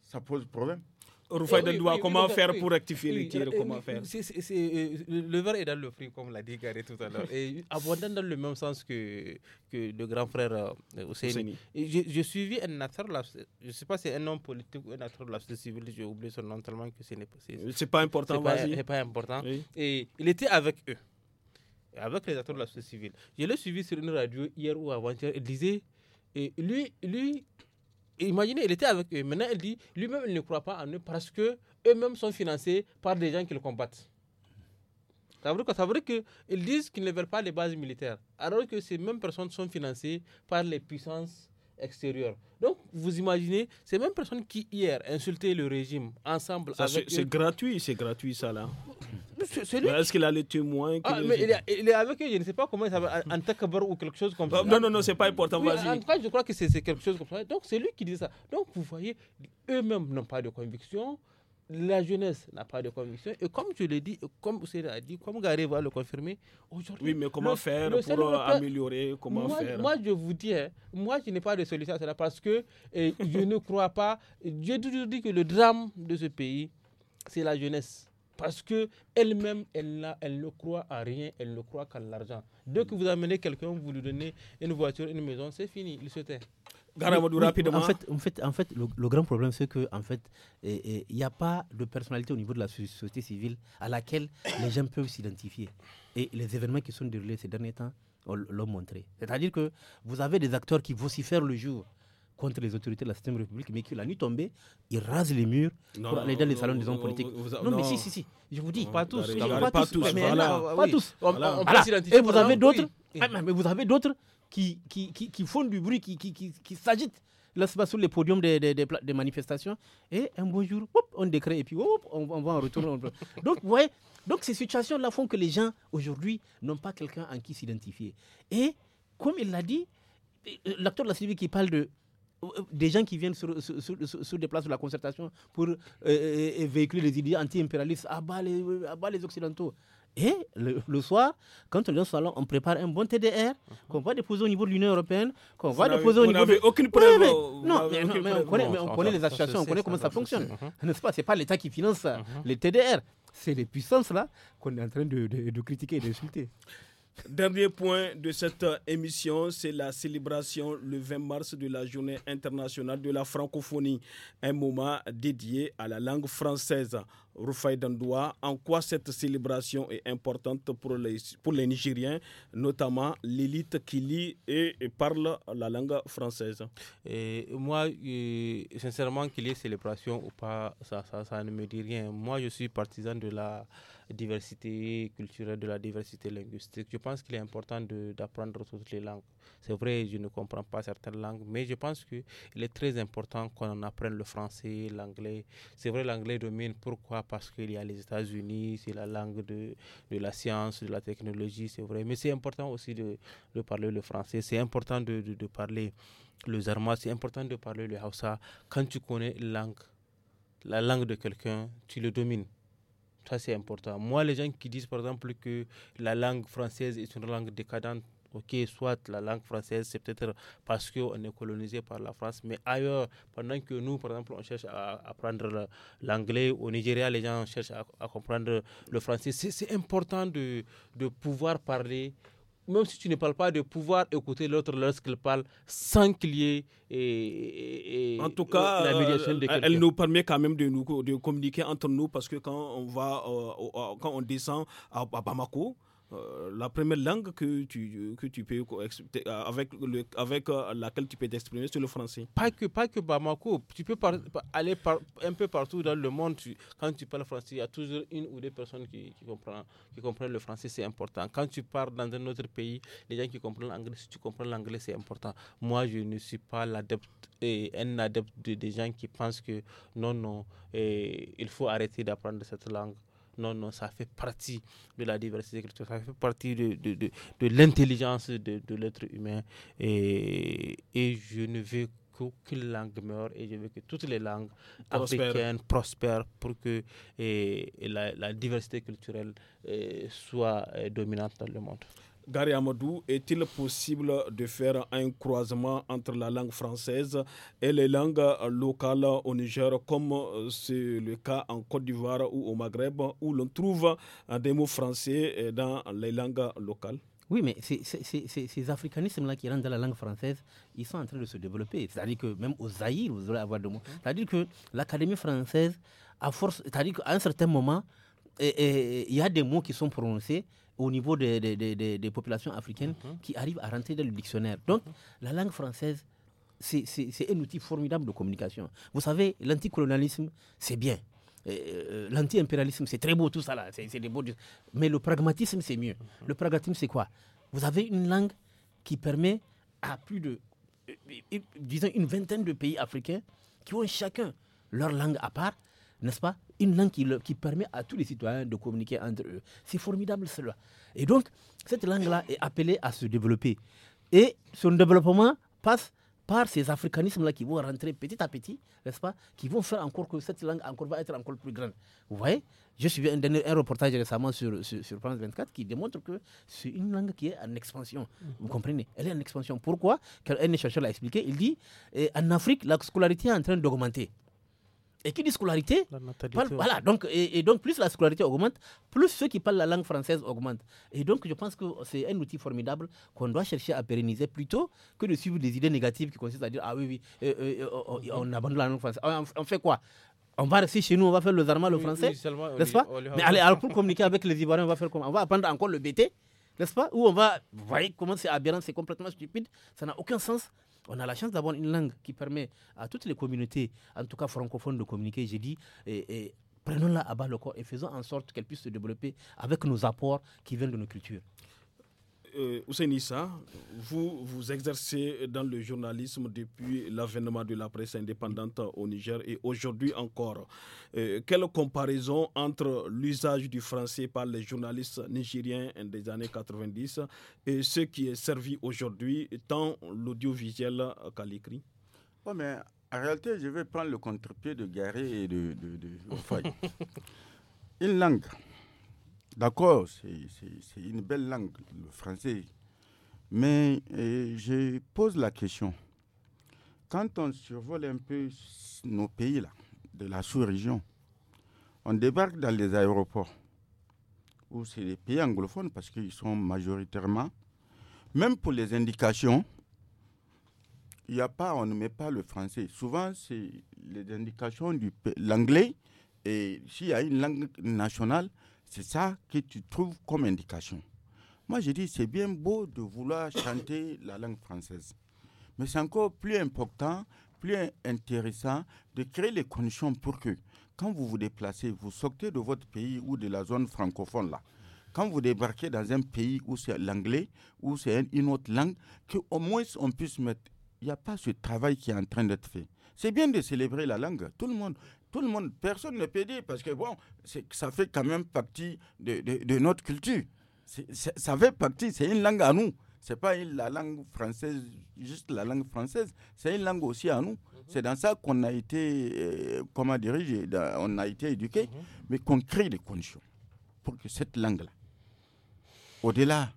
ça pose problème. Rufai eh oui, comment faire pour rectifier eh le tir eh Comment faire euh, Le verre est dans le fruit, comme l'a dit Garé tout à l'heure. Et abondant dans le même sens que, que le grand frère Hosseini. Euh, j'ai suivi un acteur, je ne sais pas si c'est un homme politique ou un acteur de la société civile, j'ai oublié son nom tellement que ce n'est pas. C'est euh, pas important, vas-y. pas important. Et il était avec eux, avec les acteurs de la société civile. Je l'ai suivi sur une radio hier ou avant-hier, il disait et lui, lui, imaginez, il était avec eux. Maintenant, il dit, lui-même, il ne croit pas en eux parce que eux-mêmes sont financés par des gens qui le combattent. Ça veut ça veut dire qu'ils disent qu'ils ne veulent pas les bases militaires, alors que ces mêmes personnes sont financées par les puissances extérieures. Donc, vous imaginez, ces mêmes personnes qui, hier, insultaient le régime ensemble. C'est gratuit, c'est gratuit, ça, là. C'est Est-ce qu'il a ah, les témoins ah, mais il est, avec eux, je ne sais pas comment il s'appelle, Antakabar ou quelque chose comme ah, ça. Non, non, non, c'est pas important, vas-y. En tout je crois que c'est quelque chose comme ça. Donc, c'est lui qui dit ça. Donc, vous voyez, eux-mêmes n'ont pas de conviction. La jeunesse n'a pas de conviction. Et comme je l'ai dit, comme vous l'avez dit, comme Gary va le confirmer, aujourd'hui. Oui, mais comment faire pour améliorer Comment moi, faire Moi, je vous dis, hein, moi, je n'ai pas de solution à cela parce que eh, je ne crois pas. J'ai toujours dit que le drame de ce pays, c'est la jeunesse parce qu'elle-même, elle, elle ne croit à rien, elle ne croit qu'à l'argent. Dès que vous amenez quelqu'un, vous lui donnez une voiture, une maison, c'est fini, il se tait. rapidement. En fait, en fait, en fait le, grand problème, c'est que en fait, il n'y a pas de personnalité au niveau de la société civile à laquelle les gens peuvent s'identifier. Et les événements qui sont déroulés ces derniers temps l'ont montré. C'est-à-dire que vous avez des acteurs qui vocifèrent le jour, contre les autorités de la 7 République, mais que la nuit tombée, ils rasent les murs pour aller dans les salons des hommes politiques. Vous, non, mais si, si, si, je vous dis. Pas tous. pas, tous. pas tous. Et vous avez hein, d'autres ah, vous avez d'autres qui, qui, qui, font du bruit, qui, qui, qui, s'agitent là sur les podiums des, des, des, manifestations. Et un bonjour, on décrète et puis on, va en retour. donc, vous voyez, donc ces situations-là font que les gens, aujourd'hui, n'ont pas quelqu'un en qui s'identifier. Et, comme il l'a dit, euh, l'acteur de la CIV qui parle de euh, des gens qui viennent sur, sur, sur, des places de la concertation pour euh, euh, véhiculer les idées anti-impérialistes, à, bas les, les Occidentaux. Et le, soir, quand on est au salon, on prépare un bon TDR uh-huh. qu'on va déposer au niveau de l'Union européenne, qu'on va déposer au niveau. On de... aucune preuve. non, mais, on connaît, les associations, on connaît comment ça fonctionne. Uh-huh. N'est-ce pas C'est pas l'État qui finance uh-huh. les TDR. C'est les puissances là qu'on est en train de, de, de critiquer et d'insulter. Dernier point de cette émission, c'est la célébration le 20 mars de la Journée internationale de la francophonie, un moment dédié à la langue française. Rufai Dandoua, en quoi cette célébration est importante pour les, pour Nigériens, notamment l'élite qui lit et, parle la langue française Moi, euh, sincèrement, qu'il y ait célébration ou pas, ça ne me dit rien. Moi, je suis partisan de la diversité culturelle, de la diversité linguistique. Je pense qu'il est important d'apprendre toutes les langues. C'est vrai, je ne comprends pas certaines langues, mais je pense qu'il est très important qu'on apprenne le français, l'anglais. C'est vrai, l'anglais domine. Pourquoi Parce qu'il y a les États-Unis, c'est la langue de, de, la science, de la technologie, c'est vrai. Mais c'est important aussi de, de, parler le français. C'est important de, de, parler le Zarma. C'est important de parler le Hausa. Quand tu connais une langue, la langue de quelqu'un, tu le domines. Ça, c'est important. Moi, les gens qui disent, par exemple, que la langue française est une langue décadente, ok, soit la langue française, c'est peut-être parce qu'on est colonisé par la France, mais ailleurs, pendant que nous, par exemple, on cherche à apprendre l'anglais, au Nigeria, les gens cherchent à, comprendre le français. C'est important de, de pouvoir parler même si tu ne parles pas, de pouvoir écouter l'autre lorsqu'il parle sans qu'il y ait et, eh, eh, eh, en tout cas, la médiation de euh, Elle nous permet quand même de, nous, de communiquer entre nous parce que quand on, va, euh, quand on descend à Bamako, euh, la première langue que tu, que tu peux euh, avec, avec euh, laquelle tu peux t'exprimer, c'est le français. Pas que, pas que Bamako, tu peux aller un peu partout dans le monde. quand tu parles français, il y a toujours une ou deux personnes qui, qui comprennent, qui comprennent le français, c'est important. Quand tu pars dans un autre pays, les gens qui comprennent l'anglais, si tu comprends l'anglais, c'est important. Moi, je ne suis pas l'adepte, et un adepte de, des gens qui pensent que non, non, il faut arrêter d'apprendre cette langue. Non, non, ça fait partie de la diversité culturelle, ça fait partie de, de, de, l'intelligence de, de l'être humain. Et, et je ne veux qu'aucune langue meure et je veux que toutes les langues africaines prospèrent pour que eh, la, la, diversité culturelle eh, soit eh, dominante dans le monde. Gary Amadou, est-il possible de faire un croisement entre la langue française et les langues locales au Niger, comme c'est le cas en Côte d'Ivoire ou au Maghreb, où l'on trouve des mots français dans les langues locales oui, mais ces, africanismes-là qui rentrent dans la langue française, ils sont en train de se développer. C'est-à-dire que même aux Zaïre, vous allez avoir des mots. C'est-à-dire que l'Académie française, à force, c'est-à-dire qu'à un certain moment, il y a des mots qui sont prononcés au niveau des, des, populations africaines mhm. qui arrivent à rentrer dans le dictionnaire. Donc, mhm. la langue française, c'est un outil formidable de communication. Vous savez, l'anticolonialisme, c'est bien. Euh, L'anti-impérialisme, c'est très beau tout ça là, c'est des beaux. Mais le pragmatisme, c'est mieux. Mhm. Le pragmatisme, c'est quoi Vous avez une langue qui permet à plus de, euh, euh, disons, une vingtaine de pays africains qui ont chacun leur langue à part, n'est-ce pas une langue qui, permet à tous les citoyens de communiquer entre eux. C'est formidable cela. Et donc, cette langue-là est appelée à se développer. Et son développement passe par ces africanismes-là qui vont rentrer petit à petit, n'est-ce pas, qui vont faire encore que cette langue encore va être encore plus grande. Vous voyez J'ai suivi un, dernier, un reportage récemment sur, sur, France 24 qui démontre que c'est une langue qui est en expansion. Vous mhm. comprenez Elle est en expansion. Pourquoi Car Un chercheur l'a expliqué. Il dit eh, en Afrique, la scolarité est en train d'augmenter. Et qui dit scolarité, voilà, donc, et, donc plus la scolarité augmente, plus ceux qui parlent la langue française augmentent. Et donc je pense que c'est un outil formidable qu'on doit chercher à pérenniser plutôt que de suivre des idées négatives qui consistent à dire, ah oui, oui, euh, euh, euh, oh, oh, mm-hmm. on abandonne la langue française. On, fait quoi on va rester chez nous, on va faire le zarma, le français, n'est-ce pas Mais allez, alors pour communiquer avec les Ivoiriens, on va faire comment On va apprendre encore le BT, n'est-ce pas Ou on va, vous voyez comment c'est aberrant, c'est complètement stupide, ça n'a aucun sens on a la chance d'avoir une langue qui permet à toutes les communautés, en tout cas francophones, de communiquer. J'ai dit, et, prenons-la à bas le corps et faisons en sorte qu'elle puisse se développer avec nos apports qui viennent de nos cultures euh, Ousenissa, vous vous exercez dans le journalisme depuis l'avènement de la presse indépendante au Niger et aujourd'hui encore. Euh, quelle comparaison entre l'usage du français par les journalistes nigériens des années 90 et ce qui est servi aujourd'hui, tant l'audiovisuel qu'à l'écrit mais En réalité, je vais prendre le contre-pied de Gary et de, de, de... Une langue D'accord, c'est une belle langue, le français. Mais euh, je pose la question. Quand on survole un peu nos pays là, de la sous-région, on débarque dans les aéroports où c'est les pays anglophones parce qu'ils sont majoritairement, même pour les indications, il a pas, on ne met pas le français. Souvent, c'est les indications de l'anglais et s'il y a une langue nationale, c'est ça que tu trouves comme indication. Moi, je dis, c'est bien beau de vouloir chanter la langue française, mais c'est encore plus important, plus intéressant de créer les conditions pour que, quand vous vous déplacez, vous sortez de votre pays ou de la zone francophone là, quand vous débarquez dans un pays où c'est l'anglais, ou c'est une autre langue, qu'au moins on puisse mettre. Il n'y a pas ce travail qui est en train d'être fait. C'est bien de célébrer la langue, tout le monde. Tout le monde, personne ne peut dire, parce que bon, ça fait quand même partie de, notre culture. ça fait partie, c'est une langue à nous. C'est pas la langue française, juste la langue française, c'est une langue aussi à nous. Mhm. C'est dans ça qu'on a été, euh, comment dirais on a été éduqué, mhm. mais qu'on crée les conditions pour que cette langue-là, au-delà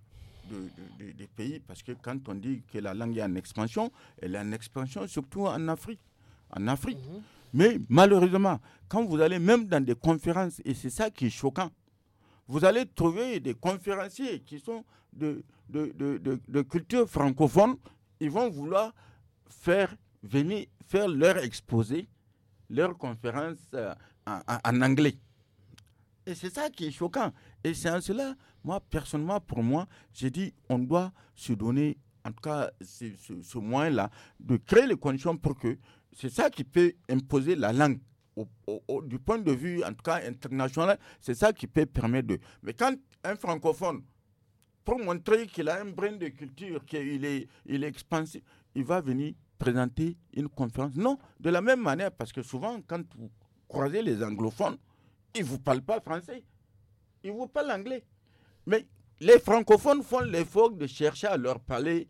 des pays, parce que quand on dit que la langue est en expansion, elle est en expansion surtout en Afrique. En Afrique. Mhm. Mais malheureusement, quand vous allez même dans des conférences, et c'est ça qui est choquant, vous allez trouver des conférenciers qui sont de, de, culture francophone, ils vont vouloir faire venir faire leur exposé, leur conférence euh, en, anglais. Et c'est ça qui est choquant. Et c'est en cela, moi, personnellement, pour moi, j'ai dit, on doit se donner, en tout cas, ce moyen-là, de créer les conditions pour que c'est ça qui peut imposer la langue. du point de vue, en tout cas international, c'est ça qui peut permettre de. Mais quand un francophone, pour montrer qu'il a un brin de culture, qu'il est, il est expansif, il va venir présenter une conférence. Non, de la même manière, parce que souvent, quand vous croisez les anglophones, ils ne vous parlent pas français, ils vous parlent anglais. Mais les francophones font l'effort de chercher à leur parler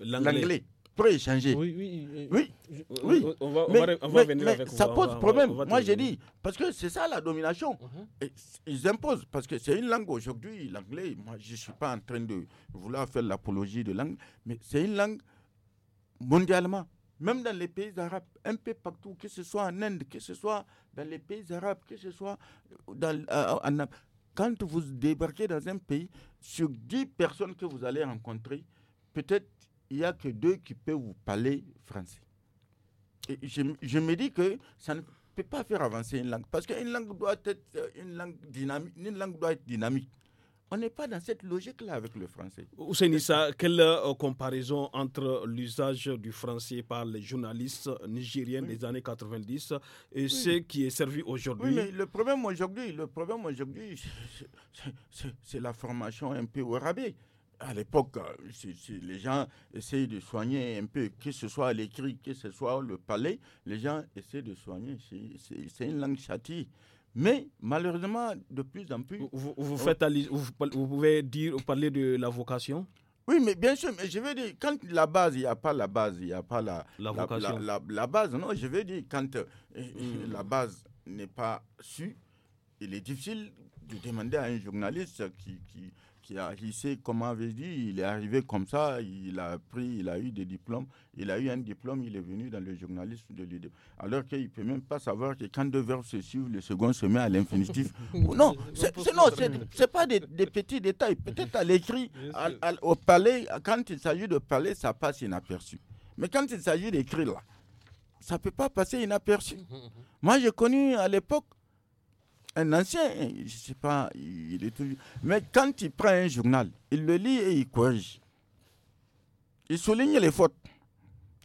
l'anglais pour échanger. Oui, oui, oui. oui. On va, mais, va, ça pose problème. Moi, j'ai dit, parce que c'est ça la domination. Uh-huh. ils imposent, parce que c'est une langue aujourd'hui, l'anglais. Moi, je ne suis pas en train de vouloir faire l'apologie de langue, mais c'est une langue mondialement. Même dans les pays arabes, un peu partout, que ce soit en Inde, que ce soit dans les pays arabes, que ce soit dans, euh, quand vous débarquez dans un pays, sur 10 personnes que vous allez rencontrer, peut-être il n'y a que deux qui peuvent vous parler français. Et je, me dis que ça ne peut pas faire avancer une langue. Parce qu'une langue doit être euh, une langue dynamique. Une langue doit être dynamique. On n'est pas dans cette logique-là avec le français. ça quelle euh, comparaison entre l'usage du français par les journalistes nigériens des années 90 et ce qui est servi aujourd'hui oui, Le problème aujourd'hui, le problème aujourd'hui, c'est la formation un peu au rabais à l'époque, euh, les gens essayent de soigner un peu, que ce soit l'écrit, que ce soit le palais, les gens essayent de soigner. C'est une langue châtie. Mais malheureusement, de plus en plus. Vous, euh, faites, pouvez dire, parler de la vocation Oui, mais bien sûr, mais je veux dire, quand la base, il n'y a pas la base, il n'y a pas la. La vocation. La, base, non, je veux dire, quand euh, hmm. la base n'est pas su, il est difficile de demander à un journaliste qui, qui il sait comment avait dit, il est arrivé comme ça, il a pris, il a eu des diplômes, il a eu un diplôme, il est venu dans le journalisme de l'idée. Alors qu'il ne peut même pas savoir que quand deux verbes se suivent, le second se met à l'infinitif. non, c'est, n'est pas des, des, petits détails. Peut-être à l'écrit, au palais, quand il s'agit de parler, ça passe inaperçu. Mais quand il s'agit d'écrire là, ça ne peut pas passer inaperçu. Moi, j'ai connu à l'époque un ancien, hein, je ne sais pas, il est toujours. Mais quand il prend un journal, il le lit et il corrige. Il souligne les fautes.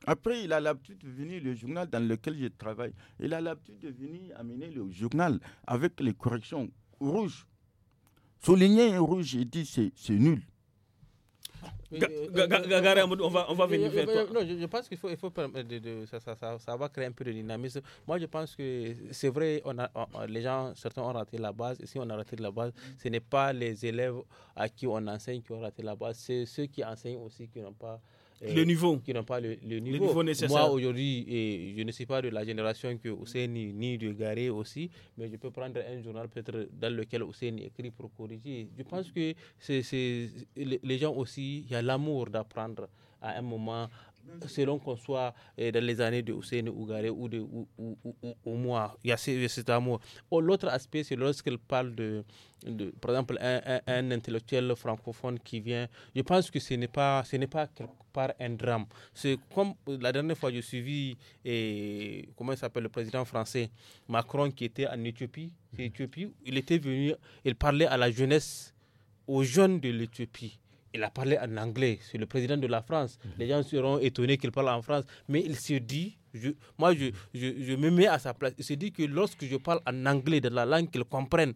Après, il a l'habitude de venir, le journal dans lequel je travaille, il a l'habitude de venir amener le journal avec les corrections rouges. Souligner un rouge, il dit c'est nul on va, on va venir vers toi. Non, je, pense qu'il faut, il faut de, ça, ça, ça, va créer un peu de dynamisme. Moi, je pense que c'est vrai, on a, les gens, certains ont raté la base. Et si on a raté la base, ce n'est pas les élèves à qui on enseigne qui ont raté la base, c'est ceux qui enseignent aussi qui n'ont pas euh, le niveau. Qui n'ont pas le, niveau. nécessaire. Moi, aujourd'hui, je ne suis pas de la génération que Ousseini ni de Garé aussi, mais je peux prendre un journal peut-être dans lequel Ousseini écrit pour corriger. Je pense que c'est les gens aussi, il y a l'amour d'apprendre à un moment selon qu'on soit eh, dans les années de Hussein Ougaré ou de ou, il y a cet amour. Oh, l'autre aspect, c'est lorsqu'elle parle de, par exemple, un, intellectuel francophone qui vient, je pense que ce n'est pas, pas quelque part un drame. C'est comme la dernière fois, je suivi, et, eh, comment s'appelle, le président français, Macron, qui était en Éthiopie. Mm. Éthiopie. Il était venu, il parlait à la jeunesse, aux jeunes de l'Éthiopie il a parlé en anglais, c'est le président de la France. Mhm. Les gens seront étonnés qu'il parle en France, mais il se dit, moi je, me mets à sa place, il se dit que lorsque je parle en anglais, de la langue qu'il comprenne,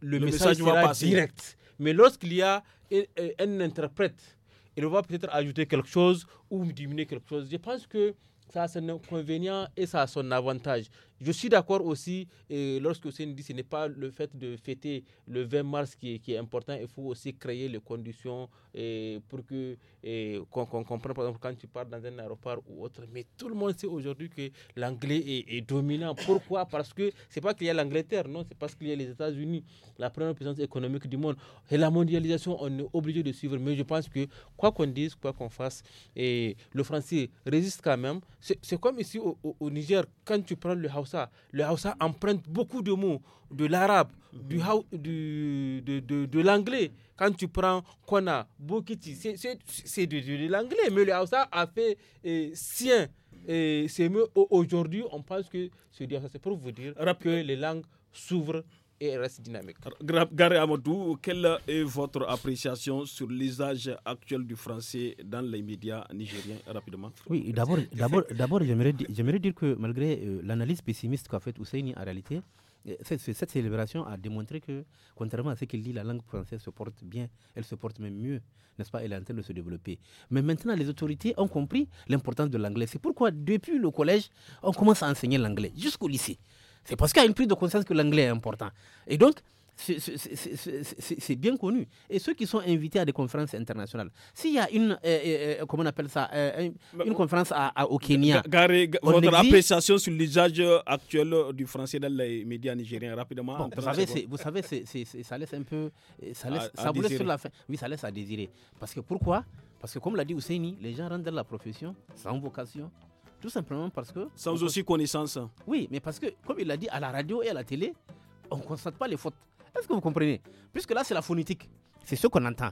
le, message, sera va direct. Mais lorsqu'il y a un, un, interprète, il va peut-être ajouter quelque chose ou diminuer quelque chose. Je pense que ça a son inconvénient et ça a son avantage. Je suis d'accord aussi, euh, lorsque Hussein dit ce n'est pas le fait de fêter le 20 mars qui est, important, il faut aussi créer les conditions euh, pour que euh, qu'on comprenne, par exemple, quand tu pars dans un aéroport ou autre. Mais tout le monde sait aujourd'hui que l'anglais est, dominant. Pourquoi Parce que c'est pas qu'il y a l'Angleterre, non, c'est parce qu'il y a les États-Unis, la première puissance économique du monde. Et la mondialisation, on est obligé de suivre. Mais je pense que quoi qu'on dise, quoi qu'on fasse, et le français résiste quand même. C'est comme ici au, au Niger, quand tu prends le house le Hausa emprunte beaucoup de mots de l'arabe, du, mhm. du, de, de, de l'anglais. Quand tu prends Kona, Bokiti, c'est de, de l'anglais, mais le Hausa a fait eh, sien. Et eh, c'est aujourd'hui, on pense que c'est pour vous dire rappelez que les langues s'ouvrent et reste dynamique. Gary Amadou, quelle est votre appréciation sur l'usage actuel du français dans les médias nigériens rapidement Oui, d'abord, d'abord, j'aimerais dire que malgré euh, l'analyse pessimiste qu'a faite Ousseini en réalité, euh, cette, cette, célébration a démontré que, contrairement à ce qu'il dit, la langue française se porte bien, elle se porte même mieux, n'est-ce pas Elle est en train de se développer. Mais maintenant, les autorités ont compris l'importance de l'anglais. C'est pourquoi, depuis le collège, on commence à enseigner l'anglais jusqu'au lycée. C'est parce qu'il y a une prise de conscience que l'anglais est important. Et donc, c'est bien connu. Et ceux qui sont invités à des conférences internationales, s'il y a une, euh, euh, euh, comment on appelle ça, une conférence au Kenya. votre appréciation sur l'usage actuel du français dans les médias nigériens, rapidement. vous, savez, vous savez, ça laisse un peu. Ça, laisse, à, ça vous laisse sur la fin. Oui, ça laisse à désirer. Parce que pourquoi Parce que, comme l'a dit Ousseini, les gens rentrent dans la profession sans vocation, tout simplement parce que. Sans aussi connaissance. Oui, mais parce que, comme il l'a dit, à la radio et à la télé, on ne constate pas les fautes. Est-ce que vous comprenez Puisque là, c'est la phonétique. C'est ce qu'on entend.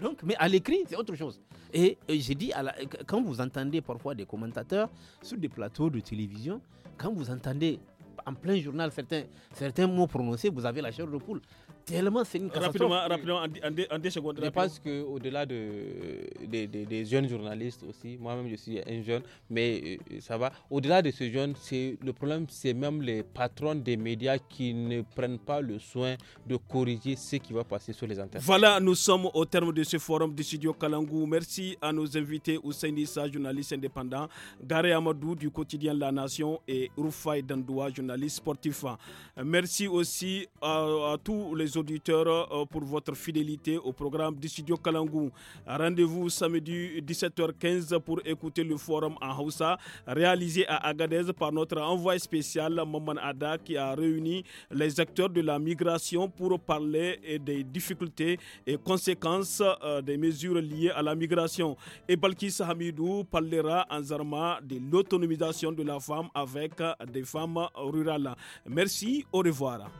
Donc, mais à l'écrit, c'est autre chose. Et, euh, j'ai dit, à quand vous entendez parfois des commentateurs sur des plateaux de télévision, quand vous entendez en plein journal certains, certains mots prononcés, vous avez la chair de poule. Tellement c'est une catastrophe. Rapidement, en, secondes. Je pense qu'au-delà de, des jeunes journalistes aussi, moi-même je suis un jeune, mais euh, ça va. Au-delà de ce jeune, le problème c'est même les patrons des médias qui ne prennent pas le soin de corriger ce qui va passer sur les antennes. Voilà, nous sommes au terme de ce forum du studio Kalangou. Merci à nos invités Ousseini Issa, journaliste indépendant, Garé Amadou du quotidien La Nation et Rufai Dandoua, journaliste journaliste euh, Merci aussi à, tous les auditeurs euh, pour votre fidélité au programme du studio Kalangou. Rendez-vous samedi 17h15 pour écouter le forum en Hausa réalisé à Agadez par notre envoyé spécial Maman Ada qui a réuni les acteurs de la migration pour parler des difficultés et conséquences euh, des mesures liées à la migration. Et Balkis Hamidou parlera en Zarma de l'autonomisation de la femme avec des femmes rurales. Merci, au revoir.